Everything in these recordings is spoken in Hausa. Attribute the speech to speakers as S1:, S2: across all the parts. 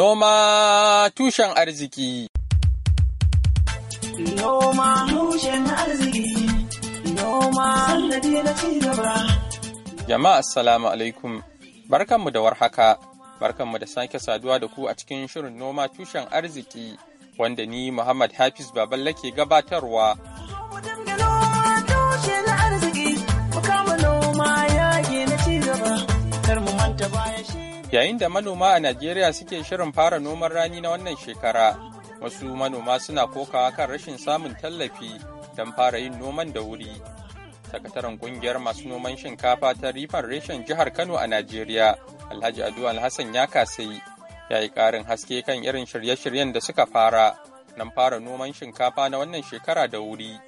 S1: Noma tushen arziki.
S2: Noma tushen arziki. Noma sallade na cigaba.
S1: Jama'a assalamu alaikum. Barkanmu da warhaka. Barkanmu da sake saduwa da ku a cikin shirin noma tushen arziki wanda ni Muhammad Hafiz Baballe ke gabatarwa. Noma
S2: na kar mu manta baya shi.
S1: Yayin da manoma a Najeriya suke shirin fara noman rani na wannan shekara, wasu manoma suna kokawa kan rashin samun tallafi don fara yin noman da wuri. Sakataren kungiyar masu noman shinkafa ta rifan reshen jihar Kano a Najeriya, Alhaji Adu Alhassan ya kasai, ya yi ƙarin haske kan irin shirye-shiryen da suka fara, nan fara noman shinkafa na wannan shekara da wuri.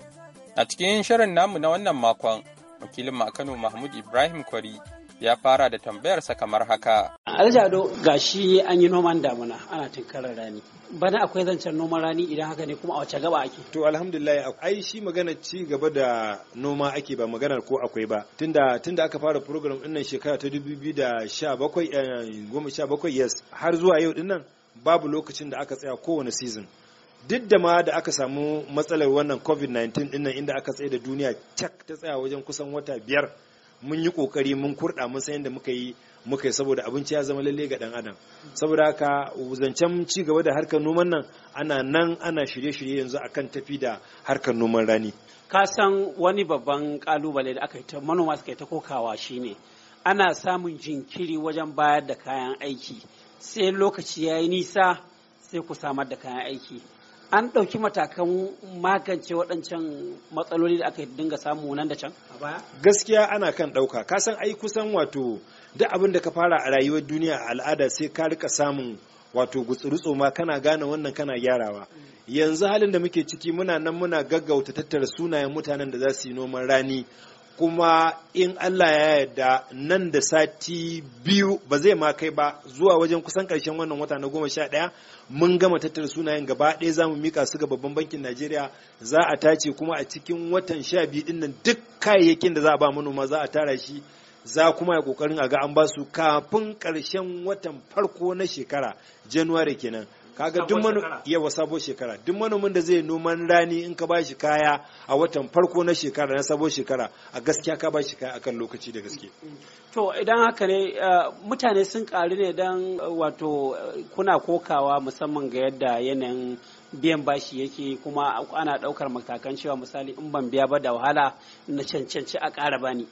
S1: A cikin shirin namu na wannan makon, wakilin Kano Mahmud Ibrahim Kwari ya fara da tambayarsa kamar haka. aljado ga shi an yi
S2: noman damuna ana tinkarar rani
S3: bana akwai zancen noman rani idan haka ne kuma a wace gaba ake to alhamdulillah ai shi magana ci gaba da noma ake ba maganar ko akwai ba tunda tunda aka fara program din nan shekara ta 2017 eh, yes har zuwa yau din nan babu lokacin da aka tsaya kowane season duk da ma da aka samu matsalar wannan covid-19 dinnan inda aka tsaye da duniya cak ta tsaya wajen kusan wata biyar mun yi kokari mun kurɗa mun san yadda muka yi muka yi saboda abinci ya zama lalle ga dan adam saboda haka zancen ci gaba da harkar noman nan ana nan ana shirye-shirye yanzu akan tafi da harkar noman rani
S2: ka san wani babban kalubale da aka yi ta manoma suka yi ta kokawa shine ana samun jinkiri wajen bayar da kayan aiki sai lokaci ya yi nisa sai ku samar da kayan aiki an ɗauki matakan magance waɗancan matsaloli da aka dinga samu nan da can
S3: Gaskiya ana kan ɗauka, ka san ai kusan wato duk abin da ka fara a rayuwar duniya a al'ada sai ka rika samun wato gutsurutsu ma kana gane wannan kana gyarawa. Yanzu halin da muke ciki muna nan muna gaggauta tattara sunayen mutanen da za su yi noman rani kuma in Allah ya yarda nan da sati biyu ba zai ma kai ba zuwa wajen kusan karshen wannan wata na goma sha ɗaya mun gama tattara sunayen gaba ɗaya za mu mika su ga babban bankin Najeriya za a tace kuma a cikin watan sha biyu ɗin nan duk kayayyakin da za a ba manoma za a tara shi za kuma ya kokarin a ga an ba su kafin ƙarshen watan farko na shekara january kenan kaga duk yawa sabo shekara duk manomin da zai noman rani in ka bashi kaya a watan farko na shekara na sabo shekara a gaskiya ka bashi kaya akan lokaci da gaske
S2: to idan haka ne eh, mutane sun karu ne dan eh, wato eh, kuna kokawa musamman ga yadda yanayin biyan bashi yake kuma ana daukar matakan
S3: cewa misali in ban biya ba da wahala na cancanci a ƙara bani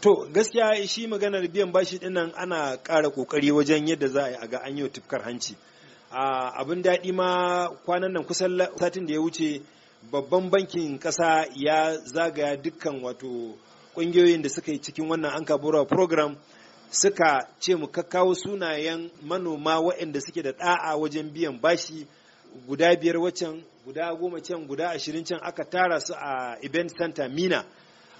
S3: To gaskiya shi maganar biyan bashi dinnan ana ƙara ƙoƙari wajen yadda za a yi a ga an tufkar hanci. abin daɗi ma kwanan nan kusan satin da ya wuce babban bankin ƙasa ya zagaya dukkan wato ƙungiyoyin da suka yi cikin wannan anka kabura program suka ce mu kakkawo sunayen manoma waɗanda suke da ɗa'a wajen biyan bashi guda biyar wacan guda goma can guda ashirin can aka tara su a event center mina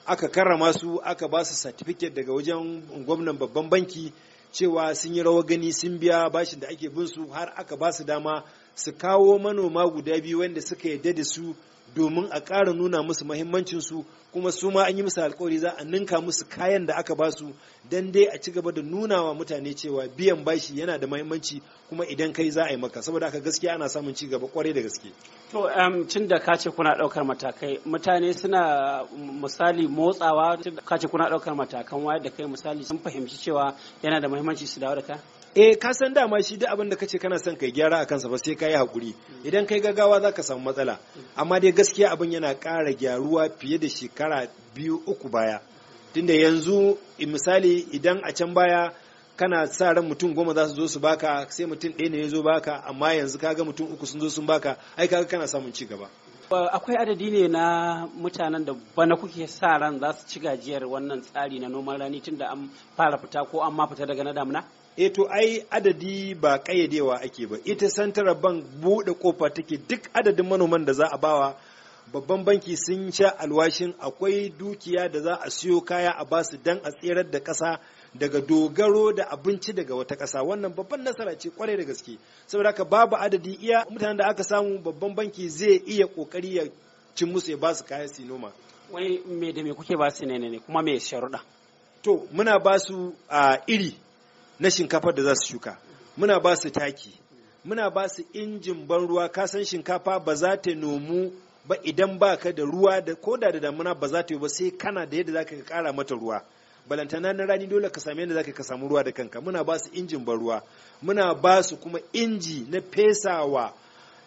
S3: aka karrama su aka ba su certificate daga wajen gwamnan babban banki cewa sun yi rawa gani sun biya bashin da ake bin su har aka ba su dama su kawo manoma guda biyu wanda suka yadda da su domin a ƙara nuna musu mahimmancinsu kuma su ma an yi musu alkawari za a ninka musu kayan da aka ba su don dai a ci gaba da nuna wa mutane cewa biyan bashi yana da mahimmanci kuma idan kai za a yi maka saboda haka gaskiya ana samun ci gaba kwarai da gaske.
S2: to cin um, da kace kuna ɗaukar matakai mutane suna misali motsawa kace kuna ɗaukar matakan wayar da kai misali
S3: sun fahimci cewa yana da mahimmanci su dawo da ka. eh ka san dama shi duk abin da kace kana son kai gyara akan sa ba sai kai hakuri idan kai gaggawa zaka samu matsala amma dai gaskiya abin yana ƙara gyaruwa fiye da shekara biyu uku baya tunda yanzu misali idan a can baya kana sa ran mutum goma za su zo su baka sai mutum ɗaya ne ya zo baka amma yanzu kaga mutum uku sun zo sun baka ai kaga kana samun ci gaba
S2: akwai adadi ne na mutanen da bana kuke sa ran za su ci gajiyar wannan tsari na noman rani tunda an
S3: fara fita ko an ma fita daga na damuna e to ai adadi ba kayyadewa ake ba ita central bank buɗe kofa take duk adadin manoman da za a bawa babban banki sun sha alwashin akwai dukiya da za a siyo kaya a basu dan a tserar da ƙasa daga dogaro da abinci daga wata ƙasa wannan babban nasara ce kwarai da gaske saboda haka babu adadi iya mutanen da aka samu babban banki zai iya ƙoƙari ya cin musu ya basu kaya su noma wai me da me kuke basu ne ne kuma me sharuɗa to muna basu a iri na shinkafar da za su shuka muna ba su taki muna ba su injin ban ruwa kasan shinkafa ba za ta nomu ba idan ba ka da ruwa da koda da damuna ba za ta yi ba sai kana da yadda za ka kara mata ruwa balantana na rani dole ka sami yadda za ka samu ruwa da kanka muna ba su injin ban ruwa muna ba su kuma inji na fesawa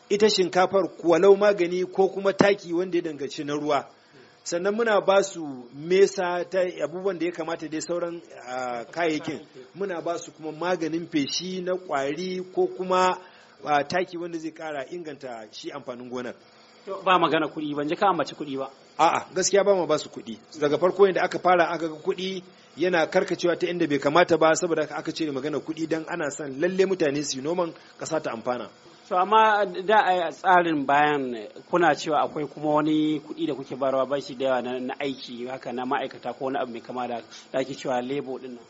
S3: ita shinkafar kwalau magani ko kuma taki wanda ya danganci na ruwa sannan muna ba su mesa ta abubuwan da ya kamata dai sauran kayayyakin muna ba su kuma maganin feshi na kwari ko kuma taki wanda zai kara inganta shi amfanin gonar ba magana kuɗi ban ji ka ambaci kuɗi ba a'a gaskiya ba mu ba su kuɗi daga farko yadda aka fara aka ga kuɗi yana karkacewa ta inda bai kamata ba saboda aka cire magana kuɗi dan ana san lalle mutane su yi noman ƙasa ta amfana
S2: to amma da a tsarin bayan kuna cewa akwai kuma wani kuɗi da kuke barawa ba shi da yawa na aiki haka na ma'aikata ko wani abu mai kama da ake cewa lebo
S3: din nan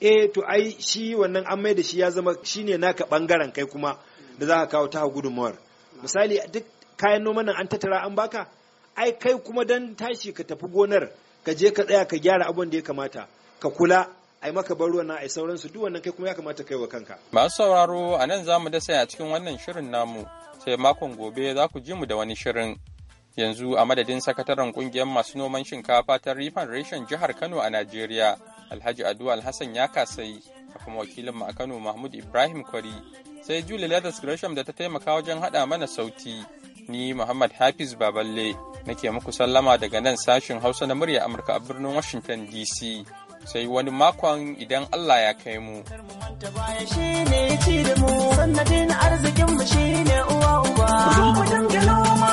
S3: eh to ai shi wannan an mai da shi ya zama shine naka bangaren kai kuma da za ka kawo ta gudunmawar misali duk kayan noman nan an tattara an baka ai kai kuma dan tashi ka tafi gonar ka je ka tsaya ka gyara abun da ya kamata ka kula ai maka bar ruwan ai sauransu duk wannan kai kuma ya kamata kai wa kanka
S1: masu sauraro a nan zamu da a cikin wannan shirin namu sai makon gobe za ku ji mu da wani shirin yanzu a madadin sakataren kungiyar masu noman shinkafa ta rifan reshen jihar kano a najeriya alhaji adu alhassan ya kasai kuma wakilin mu a kano mahmud ibrahim kwari sai julie ladas gresham da ta taimaka wajen haɗa mana sauti ni Muhammad Hafiz Baballe nake muku sallama daga nan sashin Hausa na murya Amurka a birnin Washington DC. Sai wani makon idan Allah ya kai mu.
S2: arzikin mu shine uwa uba.